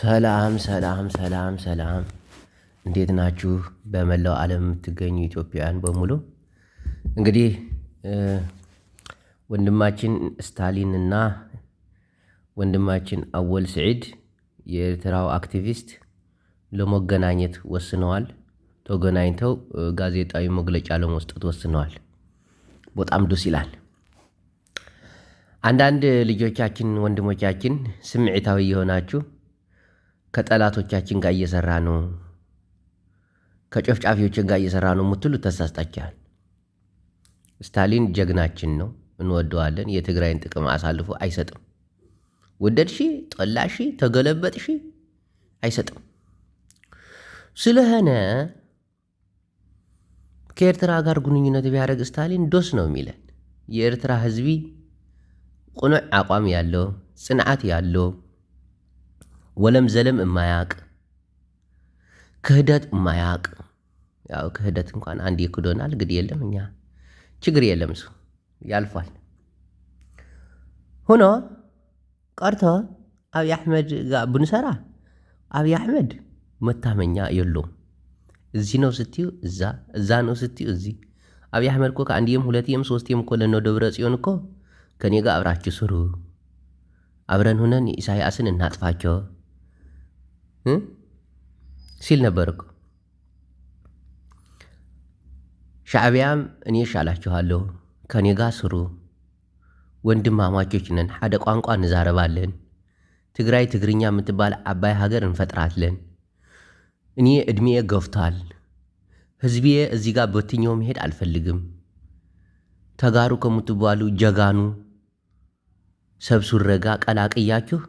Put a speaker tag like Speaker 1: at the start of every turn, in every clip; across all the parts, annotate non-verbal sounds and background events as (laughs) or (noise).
Speaker 1: ሰላም ሰላም ሰላም ሰላም እንዴት ናችሁ? በመላው ዓለም የምትገኙ ኢትዮጵያውያን በሙሉ እንግዲህ ወንድማችን ስታሊን እና ወንድማችን አወል ስዒድ የኤርትራው አክቲቪስት ለመገናኘት ወስነዋል። ተገናኝተው ጋዜጣዊ መግለጫ ለመስጠት ወስነዋል። በጣም ደስ ይላል። አንዳንድ ልጆቻችን፣ ወንድሞቻችን ስምዒታዊ የሆናችሁ ከጠላቶቻችን ጋር እየሰራ ነው፣ ከጨፍጫፊዎችን ጋር እየሰራ ነው የምትሉ ተሳስታችኋል። ስታሊን ጀግናችን ነው፣ እንወደዋለን። የትግራይን ጥቅም አሳልፎ አይሰጥም። ወደድሺ፣ ጠላሺ፣ ተገለበጥሺ አይሰጥም። ስለሆነ ከኤርትራ ጋር ግንኙነት ቢያደርግ ስታሊን ዶስ ነው የሚለን የኤርትራ ህዝቢ ቁኑዕ አቋም ያለው ጽንዓት ያለው ወለም ዘለም እማያቅ ክህደት እማያቅ ያው ክህደት እንኳን አንድ ይክዶናል፣ ግድ የለም እኛ ችግር የለም እሱ ያልፏል። ሆኖ ቀርቶ አብይ አሕመድ ጋር ብንሰራ አብይ አሕመድ መታመኛ የለውም። እዚ ነው ስትዩ እዛ፣ እዛ ነው ስትዩ እዚ። አብይ አሕመድ እኮ ከአንድም ሁለትም ሶስትም እኮ ለነ ደብረ ጽዮን እኮ ከኔ ጋር አብራችሁ ስሩ፣ አብረን ሁነን ኢሳያስን እናጥፋቸው ሲል ነበር እኮ ሻዕቢያም እኔ ሻላችኋለሁ፣ ከኔ ጋር ስሩ፣ ወንድማማቾች ነን፣ ሓደ ቋንቋ እንዛረባለን፣ ትግራይ ትግርኛ የምትባል ዓባይ ሃገር እንፈጥራለን፣ እኔ ዕድሜየ ገፍቷል፣ ህዝቢየ እዚህ ጋር በትኛው መሄድ አልፈልግም፣ ተጋሩ ከምትባሉ ጀጋኑ ሰብሱረጋ ቀላቅያችሁ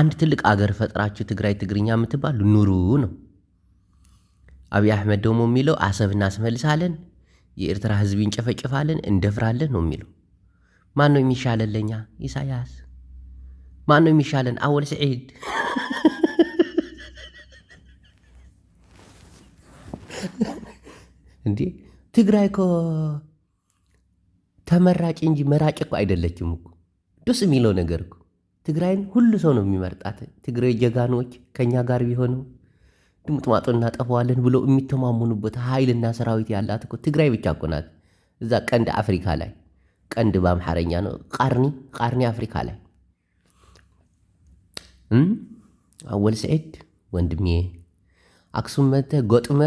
Speaker 1: አንድ ትልቅ አገር ፈጥራችሁ ትግራይ ትግርኛ የምትባሉ ኑሩ ነው። አብይ አሕመድ ደግሞ የሚለው አሰብ እናስመልሳለን፣ የኤርትራ ህዝብ እንጨፈጭፋለን፣ እንደፍራለን ነው የሚለው። ማን ነው የሚሻለን? ለእኛ ኢሳያስ። ማን ነው የሚሻለን? አወል ስዒድ እንዴ ትግራይ ኮ ተመራጭ እንጂ መራጭ እኮ አይደለችም እኮ። ደስ የሚለው ነገር እኮ ትግራይን ሁሉ ሰው ነው የሚመርጣት። ትግራይ ጀጋኖች ከእኛ ጋር ቢሆነው ድምጥማጦ እናጠፈዋለን ብለው የሚተማመኑበት ኃይልና ሰራዊት ያላት እኮ ትግራይ ብቻ እኮ ናት። እዛ ቀንድ አፍሪካ ላይ ቀንድ በአምሐረኛ ነው ቃርኒ ቃርኒ አፍሪካ ላይ አወል ስዒድ ወንድሜ አክሱም መተ ጎጥመ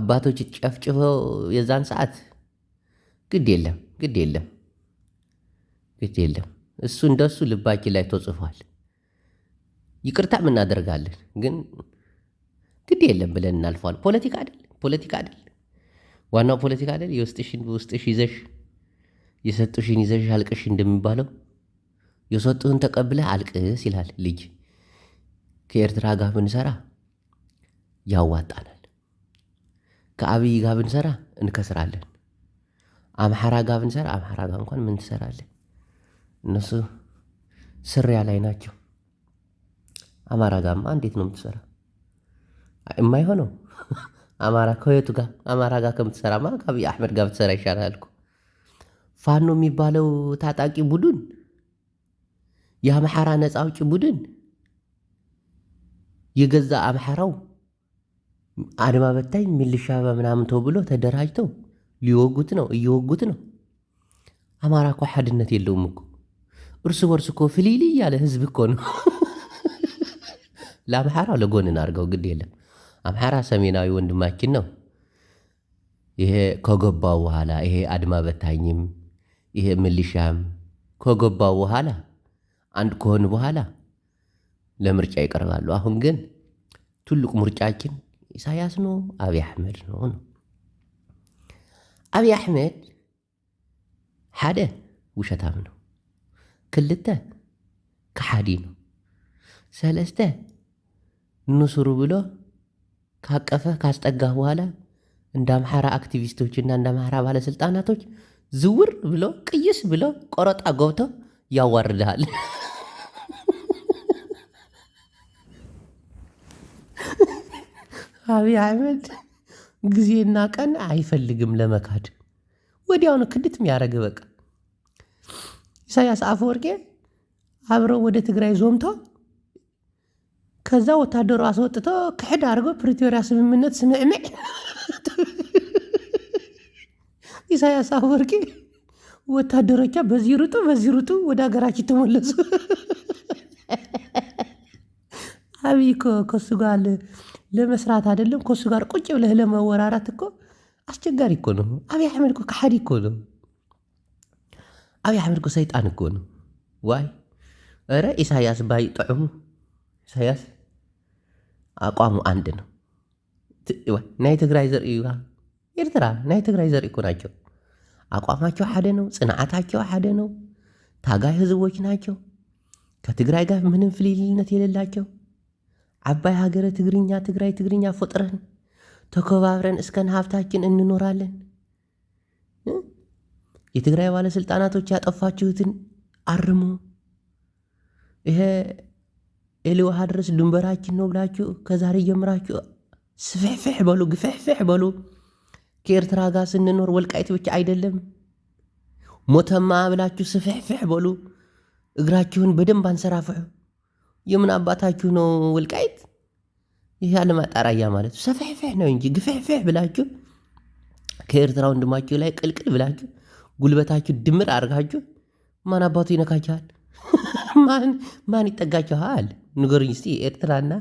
Speaker 1: አባቶች ጨፍጭፈው የዛን ሰዓት ግድ የለም ግድ የለም ግድ የለም እሱ እንደሱ ልባችን ላይ ተጽፏል። ይቅርታም እናደርጋለን፣ ግን ግድ የለም ብለን እናልፈዋል። ፖለቲካ አይደል? ፖለቲካ አይደል? ዋናው ፖለቲካ አይደል? የውስጥሽን በውስጥሽ ይዘሽ የሰጡሽን ይዘሽ አልቅሽ እንደሚባለው የሰጡህን ተቀብለህ አልቅስ ይላል ልጅ። ከኤርትራ ጋር ብንሰራ ያዋጣናል። ከአብይ ጋር ብንሰራ እንከስራለን። አምሐራ ጋር ብንሰራ አምሐራ ጋር እንኳን ምን ትሰራለን? እነሱ ስሪያ ላይ ናቸው። አማራ ጋማ እንዴት ነው የምትሰራ? የማይሆነው (laughs) አማራ ከየቱ ጋር አማራ ጋር ማ ከአብይ አሕመድ ጋር ብትሰራ ይሻላል እኮ። ፋኖ የሚባለው ታጣቂ ቡድን የአምሓራ ነፃ አውጪ ቡድን የገዛ አምሓራው አድማ በታኝ ሚሊሻ ምናምን ተብሎ ተደራጅተው ሊወጉት ነው፣ እየወጉት ነው። አማራ እኮ ሓድነት የለውም እኮ እርስ በርስ እኮ ፍሊል እያለ ህዝብ እኮ ነው። (laughs) ለአምሓራ ለጎንን አድርገው ግድ የለም። አምሓራ ሰሜናዊ ወንድማችን ነው። ይሄ ከገባው በኋላ ይሄ አድማ በታኝም ይሄ ምልሻም ከገባው በኋላ አንድ ከሆን በኋላ ለምርጫ ይቀርባሉ። አሁን ግን ትልቁ ምርጫችን ኢሳያስ ነው፣ አብይ አሕመድ ነው ነው አብይ አሕመድ ሓደ ውሸታም ነው። ክልተ ክሓዲኑ ሰለስተ ንስሩ ብሎ ካቀፈ ካስጠጋ በኋላ እንደ አምሓራ አክቲቪስቶችና እንደ አምሓራ ባለስልጣናቶች ዝውር ብሎ ቅይስ ብሎ ቆረጣ ገብቶ ያዋርድሃል። (laughs) አብይ አሕመድ ጊዜና ቀን አይፈልግም ለመካድ፣ ወዲያውኑ ክድትም ያረግ በቃ ኢሳያስ አፈወርቄ አብረው ወደ ትግራይ ዞምቶ ከዛ ወታደሩ አስወጥቶ ክሕድ አድርጎ ፕሪቶሪያ ስምምነት ስምዕምዕ (laughs) ኢሳያስ አፈወርቂ ወታደሮቿ በዚህ ሩጡ በዚህ ሩጡ ወደ ሀገራች ተመለሱ። (laughs) አብይ እኮ ከሱ ጋር ለመስራት አይደለም ከሱ ጋር ቁጭ ብለህ ለመወራራት እኮ አስቸጋሪ እኮ ነው። አብይ አሕመድ እኮ ከሓዲ እኮ ነው። ኣብይ አሕመድ እኮ ሰይጣን እኮ ዋይ ረ ኢሳያስ ባይ ጥዑሙ ኢሳያስ ኣቋሙ ኣንድ ነው። ናይ ትግራይ ዘርእዩዋ ኤርትራ ናይ ትግራይ ዘርኢ እኮ ናቸው። አቋማቸው ሓደ ነው። ፅንዓታቸው ሓደ ነው። ታጋይ ህዝቦች ናቸው። ከትግራይ ጋር ምንም ፍልልነት የለላቸው ዓባይ ሃገረ ትግርኛ ትግራይ ትግርኛ ፈጥረን ተከባብረን እስከን ሃብታችን እንኖራለን። የትግራይ ባለሥልጣናቶች ያጠፋችሁትን አርሙ። ይሄ ኤልውሃ ድረስ ድንበራችን ነው ብላችሁ ከዛሬ ጀምራችሁ ስፍሕፍሕ በሉ፣ ግፍሕፍሕ በሉ። ከኤርትራ ጋር ስንኖር ወልቃይት ብቻ አይደለም ሞተማ ብላችሁ ስፍሕፍሕ በሉ። እግራችሁን በደንብ አንሰራፍሑ። የምን አባታችሁ ነው ወልቃይት? ይህ አለማጣራያ ማለት ሰፍሕፍሕ ነው እንጂ ግፍሕፍሕ ብላችሁ ከኤርትራ ወንድማችሁ ላይ ቅልቅል ብላችሁ ጉልበታችሁ ድምር አድርጋችሁ ማን አባቱ ይነካችኋል? (laughs) ማን ይጠጋችኋል? ንገሩኝ እስቲ። ኤርትራና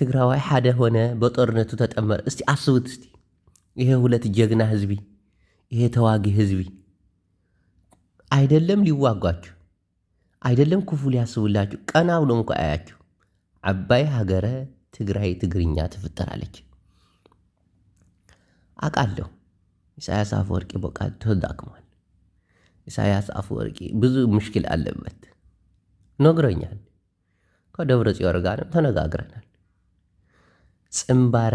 Speaker 1: ትግራዋይ ሓደ ሆነ በጦርነቱ ተጠመረ። እስቲ አስቡት እስቲ ይሄ ሁለት ጀግና ህዝቢ፣ ይሄ ተዋጊ ህዝቢ አይደለም ሊዋጓችሁ፣ አይደለም ክፉ ሊያስቡላችሁ፣ ቀና ብሎ እንኳ አያችሁ። አባይ ሀገረ ትግራይ ትግርኛ ትፍጠራለች። አቃለሁ ኢሳያስ አፈወርቂ በቃ ተዳክሟል። ኢሳያስ አፈወርቂ ብዙ ምሽክል አለበት ነግሮኛል። ከደብረ ጽዮን ጋርም ተነጋግረናል። ፅምባረ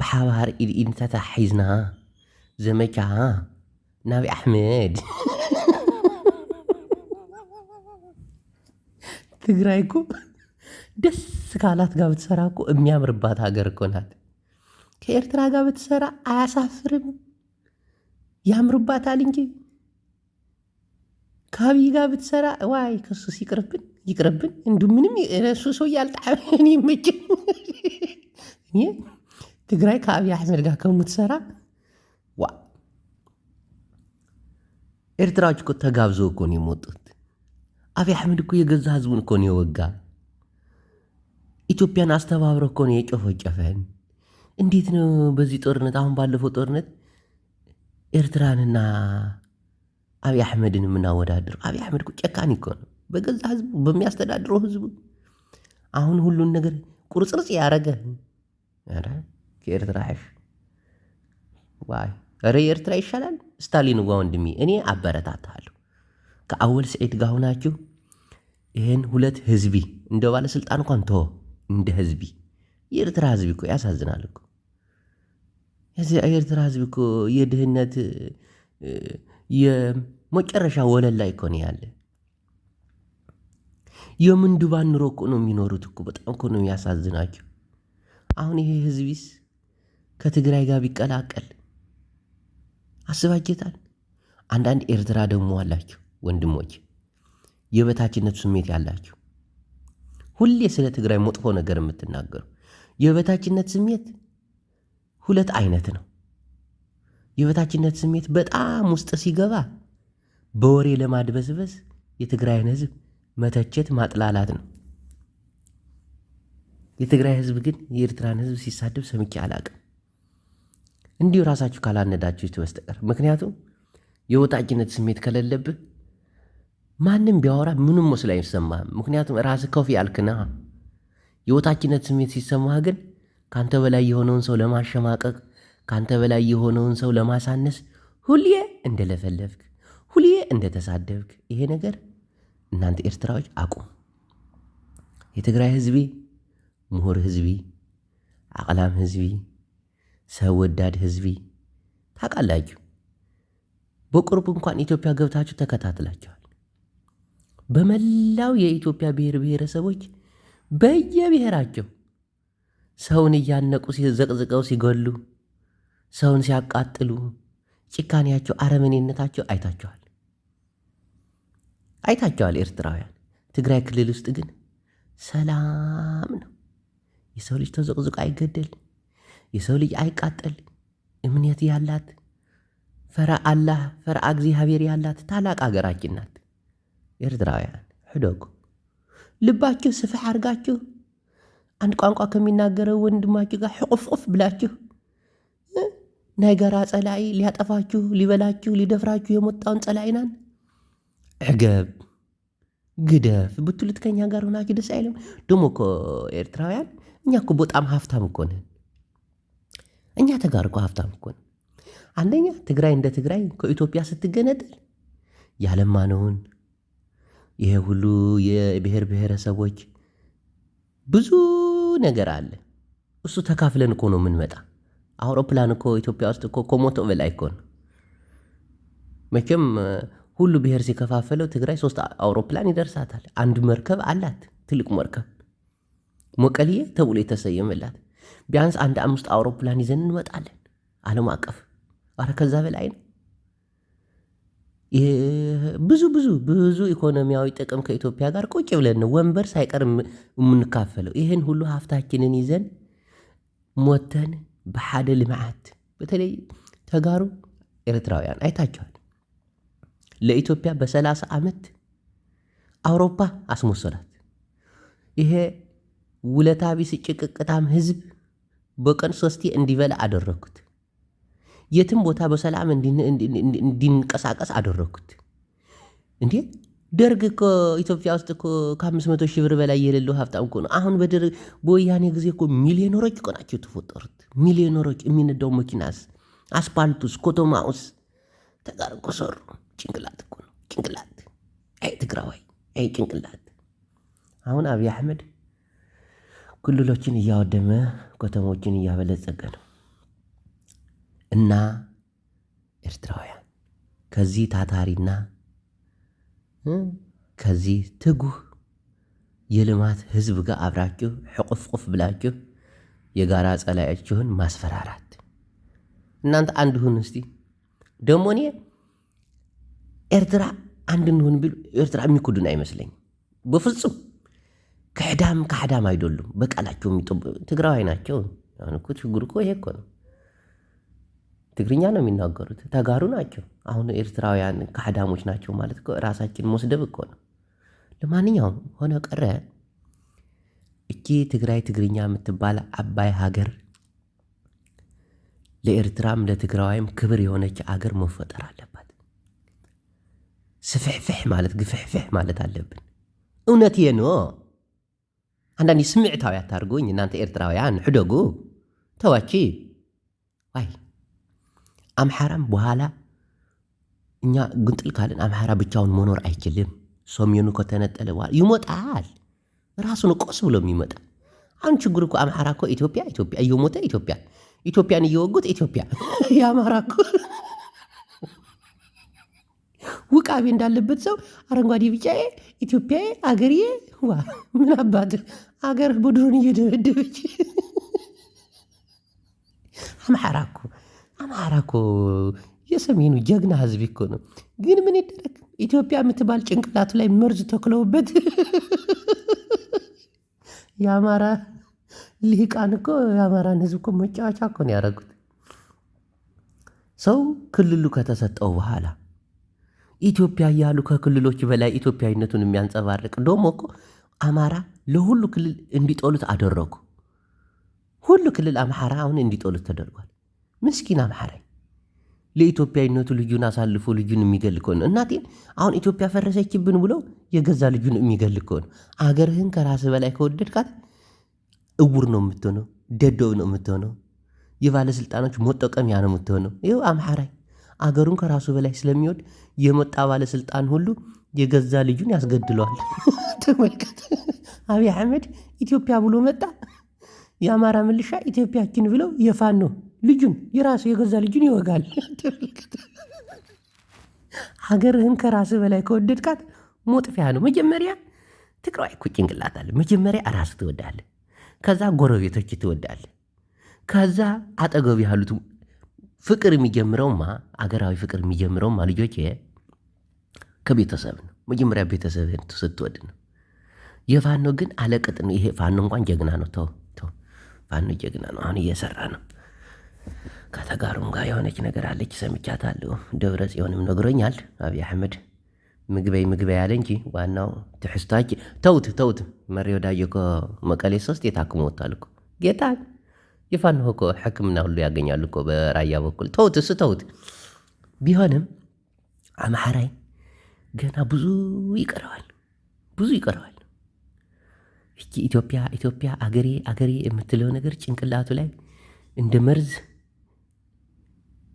Speaker 1: ብሓባር ኢድኢድንታታ ሒዝና ዘመቻ ናብ ኣሕመድ ትግራይ እኮ ደስ ካላት ጋር ብትሰራ እኮ የሚያምርባት ሀገር እኮ ናት። ከኤርትራ ጋር ብትሰራ አያሳፍርም። ያምርባታል እንጂ ከአብይ ጋር ብትሰራ ዋይ ከሱስ ይቅርብን ይቅርብን። እንዱ ምንም ረሱ ሰው ያልጣዕምን ምጭ ትግራይ ከአብይ አሕመድ ጋር ከምትሰራ ዋ ኤርትራዎች እኮ ተጋብዞ እኮ ነው የመጡት። አብይ አሕመድ እኮ የገዛ ህዝቡን እኮ ነው የወጋ። ኢትዮጵያን አስተባብረ እኮ ነው የጨፈጨፈን። እንዴት ነው በዚህ ጦርነት አሁን ባለፈው ጦርነት ኤርትራንና አብይ አሕመድን የምናወዳድር አብይ አሕመድ ጨካኝ እኮ ነው። በገዛ ህዝቡ በሚያስተዳድረው ህዝቡ አሁን ሁሉን ነገር ቁርጽርጽ ያረገ ከኤርትራ ሽ ዋይ ረ የኤርትራ ይሻላል። ስታሊን ዋ ወንድሜ እኔ አበረታታለሁ። ከአወል ስዒት ጋር ሆናችሁ ይህን ሁለት ህዝቢ እንደ ባለስልጣን እንኳን ተወ እንደ ህዝቢ የኤርትራ ህዝቢ እኮ ያሳዝናል እኮ የዚያ የኤርትራ ህዝብ እኮ የድህነት የመጨረሻ ወለል ላይ እኮ ነው ያለ። የምንዱባን ኑሮ እኮ ነው የሚኖሩት እኮ በጣም እኮ ነው የሚያሳዝናቸው። አሁን ይሄ ህዝቢስ ከትግራይ ጋር ቢቀላቀል አስባጀታል። አንዳንድ ኤርትራ ደግሞ አላቸው ወንድሞች፣ የበታችነት ስሜት ያላቸው ሁሌ ስለ ትግራይ መጥፎ ነገር የምትናገሩ የበታችነት ስሜት ሁለት አይነት ነው። የበታችነት ስሜት በጣም ውስጥ ሲገባ በወሬ ለማድበዝበዝ የትግራይን ህዝብ መተቸት ማጥላላት ነው። የትግራይ ህዝብ ግን የኤርትራን ህዝብ ሲሳደብ ሰምቼ አላቅም። እንዲሁ ራሳችሁ ካላነዳችሁት በስተቀር ምክንያቱም የወጣጭነት ስሜት ከሌለብህ ማንም ቢያወራ ምንም መስሎ አይሰማህም። ምክንያቱም ራስህ ከፍ ያልክና የወጣጭነት ስሜት ሲሰማህ ግን ካንተ በላይ የሆነውን ሰው ለማሸማቀቅ፣ ካንተ በላይ የሆነውን ሰው ለማሳነስ ሁሌ እንደለፈለፍክ፣ ሁሌ እንደተሳደብክ ይሄ ነገር እናንተ ኤርትራዎች አቁም። የትግራይ ህዝቢ ምሁር ህዝቢ፣ አቅላም ህዝቢ፣ ሰው ወዳድ ህዝቢ ታውቃላችሁ። በቅርቡ እንኳን ኢትዮጵያ ገብታችሁ ተከታትላችኋል። በመላው የኢትዮጵያ ብሔር ብሔረሰቦች በየብሔራቸው ሰውን እያነቁ ሲዘቅዝቀው ሲገሉ፣ ሰውን ሲያቃጥሉ፣ ጭካኔያቸው፣ አረመኔነታቸው አይታቸዋል አይታቸዋል ኤርትራውያን። ትግራይ ክልል ውስጥ ግን ሰላም ነው። የሰው ልጅ ተዘቅዝቆ አይገደል፣ የሰው ልጅ አይቃጠል። እምነት ያላት ፈራ አላህ ፈራ እግዚአብሔር ያላት ታላቅ ሀገራችን ናት ኤርትራውያን። ሕደጉ ልባችሁ ስፍሕ አድርጋችሁ አንድ ቋንቋ ከሚናገረው ወንድማችሁ ጋር ሕቁፍቁፍ ብላችሁ ነገራ ጸላኢ ሊያጠፋችሁ ሊበላችሁ ሊደፍራችሁ የመጣውን ጸላኢናን ዕገብ ግደፍ ብትሉት ከኛ ጋር ሆናችሁ ደስ አይለም? ደሞ እኮ ኤርትራውያን እኛ እኮ በጣም ሀብታም እኮ ነን። እኛ ተጋር እኮ ሀብታም እኮ ነን። አንደኛ ትግራይ እንደ ትግራይ ከኢትዮጵያ ስትገነጠል ያለማነውን ይሄ ሁሉ የብሔር ብሔረሰቦች ብዙ ነገር አለ። እሱ ተካፍለን እኮ ነው የምንመጣ። አውሮፕላን እኮ ኢትዮጵያ ውስጥ እኮ ከሞቶ በላይ እኮ ነው። መቼም ሁሉ ብሔር ሲከፋፈለው ትግራይ ሶስት አውሮፕላን ይደርሳታል። አንድ መርከብ አላት፣ ትልቅ መርከብ ሞቀልዬ ተብሎ የተሰየመላት። ቢያንስ አንድ አምስት አውሮፕላን ይዘን እንመጣለን። ዓለም አቀፍ አረ ከዛ በላይ ነው። ብዙ ብዙ ብዙ ኢኮኖሚያዊ ጥቅም ከኢትዮጵያ ጋር ቁጭ ብለን ወንበር ሳይቀር የምንካፈለው። ይህን ሁሉ ሀብታችንን ይዘን ሞተን በሓደ ልምዓት በተለይ ተጋሩ ኤርትራውያን አይታቸዋል። ለኢትዮጵያ በ በ30 ዓመት አውሮፓ አስመሰላት። ይሄ ውለታቢስ ጭቅቅታም ህዝብ በቀን ሶስቴ እንዲበላ አደረግኩት። የትም ቦታ በሰላም እንዲንቀሳቀስ አደረግኩት። እንዴ ደርግ እኮ ኢትዮጵያ ውስጥ እኮ ከአምስት መቶ ሺህ ብር በላይ የሌለው ሀብታም እኮ ነው። አሁን በደርግ በወያኔ ጊዜ እኮ ሚሊዮነሮች እኮ ናቸው የተፈጠሩት። ሚሊዮነሮች የሚነዳው መኪናስ፣ አስፓልቱስ፣ ኮቶማውስ ተጋር እኮ ሰሩ። ጭንቅላት እኮ ነው ጭንቅላት። አይ ትግራዋይ፣ አይ ጭንቅላት። አሁን አብይ አሕመድ ክልሎችን እያወደመ ከተሞችን እያበለጸገ ነው። እና ኤርትራውያን ከዚህ ታታሪና ከዚህ ትጉህ የልማት ህዝብ ጋር አብራችሁ ሕቁፍቁፍ ብላችሁ የጋራ ጸላያችሁን ማስፈራራት እናንተ አንድ ሁን እስቲ። ደሞ እኔ ኤርትራ አንድ እንሁን ቢሉ ኤርትራ የሚኩዱን አይመስለኝም በፍጹም። ከሕዳም ከሕዳም አይደሉም። በቃላቸው የሚጠ ትግራዋይ ናቸው። አሁን እኮ ይሄ እኮ ነው። ትግርኛ ነው የሚናገሩት፣ ተጋሩ ናቸው። አሁን ኤርትራውያን ከአዳሞች ናቸው ማለት ራሳችን መስደብ እኮ ነው። ለማንኛውም ሆነ ቀረ እቺ ትግራይ ትግርኛ የምትባል አባይ ሀገር ለኤርትራም ለትግራዋይም ክብር የሆነች አገር መፈጠር አለባት። ስፍሕፍሕ ማለት ግፍሕፍሕ ማለት አለብን። እውነት የኖ አንዳንድ ስምዕታዊ አታርጉኝ እናንተ ኤርትራውያን ሕደጉ ተዋቺ ዋይ አምሓራም በኋላ እኛ ግንጥል ካልን አምሓራ ብቻውን መኖር አይችልም። ሰሜኑ ከተነጠለ በኋላ ይመጣል። ራሱ ነው ቆስ ብሎ የሚመጣ። አሁን ችግር እኮ አምሓራ እኮ ኢትዮጵያ ኢትዮጵያ እየሞተ ኢትዮጵያ ኢትዮጵያን እየወጉት ኢትዮጵያ የአማራ እኮ ውቃቢ እንዳለበት ሰው አረንጓዴ ቢጫዬ ኢትዮጵያዬ አገርዬ ዋ ምን አባት አገር በድሮን እየደበደበች አምሓራ እኮ አማራ እኮ የሰሜኑ ጀግና ህዝብ እኮ ነው። ግን ምን ይደረግ ኢትዮጵያ የምትባል ጭንቅላቱ ላይ መርዝ ተክለውበት (laughs) የአማራ ሊቃን እኮ የአማራን ህዝብ እኮ መጫወቻ እኮ ነው ያደረጉት። ሰው ክልሉ ከተሰጠው በኋላ ኢትዮጵያ እያሉ ከክልሎች በላይ ኢትዮጵያዊነቱን የሚያንጸባርቅ ደግሞ እኮ አማራ ለሁሉ ክልል እንዲጦሉት አደረጉ። ሁሉ ክልል አማራ አሁን እንዲጦሉት ተደርጓል። ምስኪን አምሐራይ ለኢትዮጵያዊነቱ ልጁን አሳልፎ ልጁን የሚገል ከሆነ እናቴ አሁን ኢትዮጵያ ፈረሰችብን ብሎ የገዛ ልጁን የሚገል ከሆነ አገርህን ከራስ በላይ ከወደድካት እውር ነው የምትሆነው፣ ደደብ ነው የምትሆነው፣ የባለስልጣኖች መጠቀሚያ ነው የምትሆነው። ይኸው አምሐራይ አገሩን ከራሱ በላይ ስለሚወድ የመጣ ባለስልጣን ሁሉ የገዛ ልጁን ያስገድለዋል። (laughs) ተመልከት፣ አብይ አህመድ ኢትዮጵያ ብሎ መጣ። የአማራ ምልሻ ኢትዮጵያችን ብለው የፋን ነው። ልጁን የራስ የገዛ ልጁን ይወጋል። ሀገርህን ከራስ በላይ ከወደድካት ሞጥፊያ ነው። መጀመሪያ ትግራዋይ እኮ ጭንቅላት መጀመሪያ ራስ ትወዳለ፣ ከዛ ጎረቤቶች ትወዳለህ፣ ከዛ አጠገብ ያሉት ፍቅር የሚጀምረውማ አገራዊ ፍቅር የሚጀምረውማ ልጆች ከቤተሰብ ነው። መጀመሪያ ቤተሰብህን ስትወድ ነው። የፋኖ ግን አለቅጥ ነው። ይሄ ፋኖ እንኳን ጀግና ነው። ተው ተው፣ ፋኖ ጀግና ነው። አሁን እየሰራ ነው። ከተጋሩም ጋር የሆነች ነገር አለች ሰምቻታለሁ። ደብረ ጽዮንም ነግሮኛል። አብይ አሕመድ ምግበይ ምግበይ አለ እንጂ ዋናው ትሕዝቶች ተውት ተውት። መሪ ወዳጆ እኮ መቀሌ ሶስት የታክሞ ወጥቷል እኮ ጌታ ይፋን እኮ ሕክምና ሁሉ ያገኛሉ እኮ በራያ በኩል ተውት፣ እሱ ተውት። ቢሆንም አምሓራይ ገና ብዙ ይቀረዋል፣ ብዙ ይቀረዋል። እቺ ኢትዮጵያ ኢትዮጵያ አገሬ አገሬ የምትለው ነገር ጭንቅላቱ ላይ እንደ መርዝ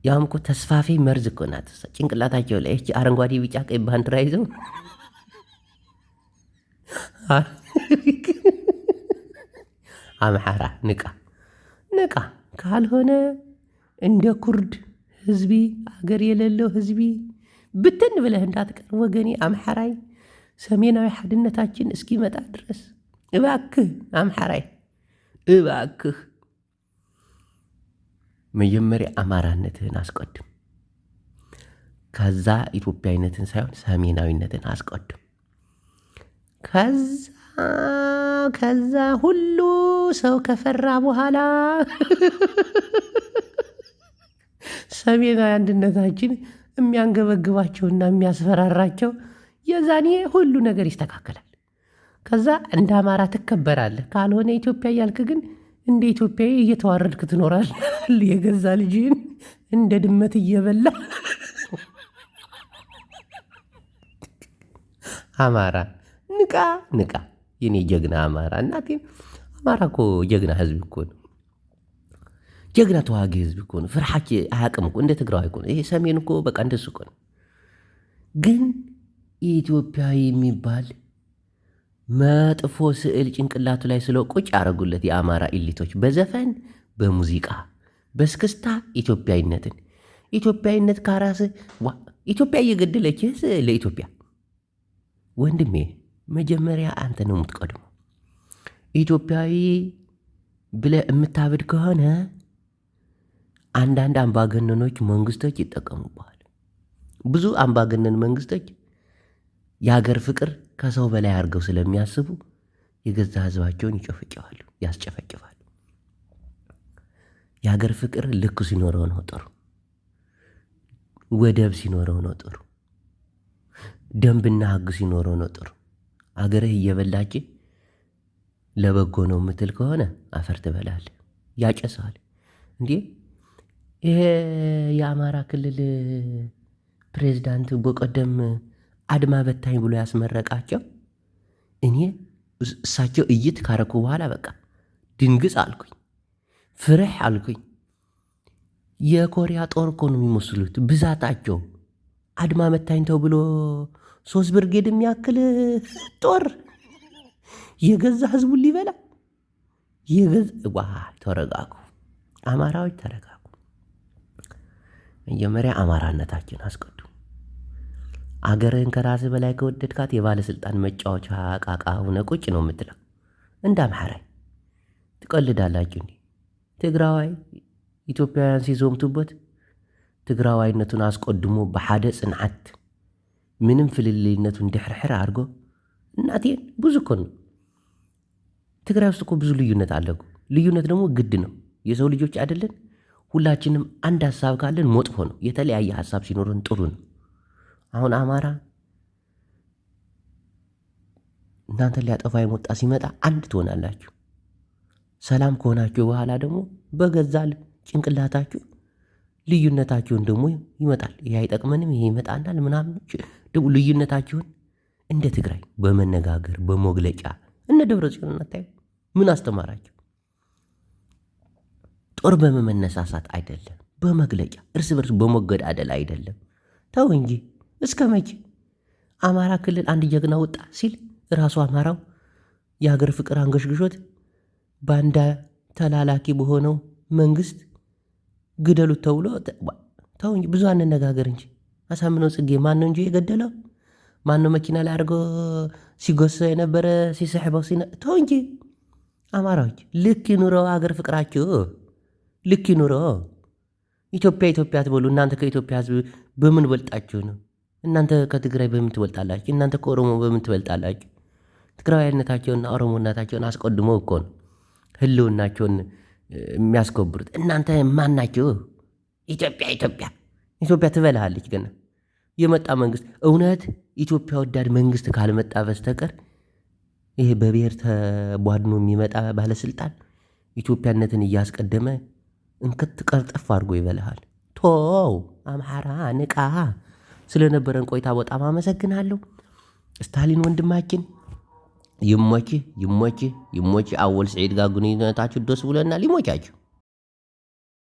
Speaker 1: ያውም እኮ ተስፋፊ መርዝ እኮ ናት። ጭንቅላታቸው ላይ ይቺ አረንጓዴ፣ ቢጫ፣ ቀይ ባንዲራ ይዘው አምሓራ ንቃ ንቃ፣ ካልሆነ እንደ ኩርድ ህዝቢ አገር የሌለው ህዝቢ ብትን ብለህ እንዳትቀር ወገኔ። አምሓራይ ሰሜናዊ ሓድነታችን እስኪመጣ ድረስ እባክህ አምሓራይ እባክህ መጀመሪያ አማራነትህን አስቀድም። ከዛ ኢትዮጵያዊነትን ሳይሆን ሰሜናዊነትን አስቀድም። ከዛ ከዛ ሁሉ ሰው ከፈራ በኋላ ሰሜናዊ አንድነታችን የሚያንገበግባቸውና የሚያስፈራራቸው የዛኔ ሁሉ ነገር ይስተካከላል። ከዛ እንደ አማራ ትከበራለህ። ካልሆነ ኢትዮጵያ እያልክ ግን እንደ ኢትዮጵያዊ እየተዋረድክ ትኖራል። የገዛ ልጅን እንደ ድመት እየበላ አማራ ንቃ ንቃ፣ የኔ ጀግና አማራ። እናቴ አማራ እኮ ጀግና ህዝብ እኮ ነው። ጀግና ተዋጊ ህዝብ እኮ ነው። ፍርሃት አያቅም እኮ እንደ ትግራዋይ እኮ ነው። ይሄ ሰሜን እኮ በቃ እንደሱ እኮ ነው። ግን የኢትዮጵያዊ የሚባል መጥፎ ስዕል ጭንቅላቱ ላይ ስለ ቁጭ ያደረጉለት የአማራ ኢሊቶች በዘፈን በሙዚቃ በስክስታ ኢትዮጵያዊነትን ኢትዮጵያዊነት ካራስ ኢትዮጵያ እየገደለች ለኢትዮጵያ ወንድሜ መጀመሪያ አንተ ነው የምትቀድሞ። ኢትዮጵያዊ ብለ የምታብድ ከሆነ አንዳንድ አምባገነኖች መንግስቶች ይጠቀሙበሃል። ብዙ አምባገነን መንግስቶች የሀገር ፍቅር ከሰው በላይ አድርገው ስለሚያስቡ የገዛ ህዝባቸውን ይጨፈጭፋሉ፣ ያስጨፈጭፋሉ። የሀገር ፍቅር ልክ ሲኖረው ነው ጥሩ። ወደብ ሲኖረው ነው ጥሩ። ደንብና ህግ ሲኖረው ነው ጥሩ። አገርህ እየበላች ለበጎ ነው የምትል ከሆነ አፈር ትበላል፣ ያጨሰዋል። እንዴ ይሄ የአማራ ክልል ፕሬዝዳንት በቀደም አድማ በታኝ ብሎ ያስመረቃቸው እኔ እሳቸው እይት ካረኩ በኋላ በቃ ድንግጽ አልኩኝ፣ ፍርህ አልኩኝ። የኮሪያ ጦር እኮ ነው የሚመስሉት ብዛታቸው። አድማ መታኝ ተብሎ ሶስት ብርጌድ የሚያክል ጦር የገዛ ህዝቡን ሊበላ የገዛ ተረጋጉ፣ አማራዎች ተረጋጉ። መጀመሪያ አማራነታችን አስቀ አገርህን ከራስህ በላይ ከወደድካት የባለሥልጣን መጫወቻ አቃቃ ሁነ ቁጭ ነው የምትለው። እንደ አምሐራይ ትቀልዳላችሁ እንዴ? ትግራዋይ ኢትዮጵያውያን ሲዞምቱበት ትግራዋይነቱን አስቆድሞ በሓደ ጽንዓት ምንም ፍልልይነቱን ድሕርሕር አድርጎ እናቴን ብዙ እኮ ነው። ትግራይ ውስጥ እኮ ብዙ ልዩነት አለ ልዩነት ደግሞ ግድ ነው። የሰው ልጆች አይደለን? ሁላችንም አንድ ሀሳብ ካለን መጥፎ ነው። የተለያየ ሀሳብ ሲኖረን ጥሩ ነው። አሁን አማራ እናንተ ሊያጠፋ የመጣ ሲመጣ አንድ ትሆናላችሁ። ሰላም ከሆናችሁ በኋላ ደግሞ በገዛ ጭንቅላታችሁ ልዩነታችሁን ደግሞ ይመጣል። ይህ አይጠቅመንም፣ ይሄ ይመጣናል ምናምን ደግሞ ልዩነታችሁን እንደ ትግራይ በመነጋገር በመግለጫ እነ ደብረ ጽዮን እናታዩ ምን አስተማራቸው? ጦር በመመነሳሳት አይደለም፣ በመግለጫ እርስ በርስ በመገዳደል አይደለም። ተው እንጂ እስከ መቼ አማራ ክልል አንድ ጀግና ወጣ ሲል ራሱ አማራው የሀገር ፍቅር አንገሽግሾት ባንዳ ተላላኪ በሆነው መንግስት ግደሉት ተብሎ ተው እንጂ ብዙ አንነጋገር እንጂ አሳምነው ጽጌ ማን ነው እንጂ የገደለው ማን ነው መኪና ላይ አድርጎ ሲጎሰ የነበረ ሲሰሕበው ሲነ ተው እንጂ አማራዎች ልክ ኑሮ አገር ፍቅራችሁ ልክ ኑሮ ኢትዮጵያ ኢትዮጵያ ትበሉ እናንተ ከኢትዮጵያ ህዝብ በምን በልጣችሁ ነው እናንተ ከትግራይ በምን ትበልጣላችሁ? እናንተ ከኦሮሞ በምን ትበልጣላችሁ? ትግራዊነታቸውንና ኦሮሞነታቸውን አስቀድሞ እኮ ነው ህልውናቸውን የሚያስከብሩት። እናንተ ማን ናቸው? ኢትዮጵያ ኢትዮጵያ ኢትዮጵያ ትበልሃለች። ገና የመጣ መንግስት እውነት ኢትዮጵያ ወዳድ መንግስት ካልመጣ በስተቀር ይሄ በብሔር ተቧድኖ የሚመጣ ባለስልጣን ኢትዮጵያነትን እያስቀደመ እንክት ቀርጠፍ አድርጎ ይበልሃል። ቶው አምሐራ ንቃ። ስለነበረን ቆይታ በጣም አመሰግናለሁ። ስታሊን ወንድማችን ይሞችህ፣ ይሞችህ፣ ይሞችህ። አወል ስዒድ ጋር ግንኙነታችሁ ደስ ብሎናል። ይሞቻችሁ።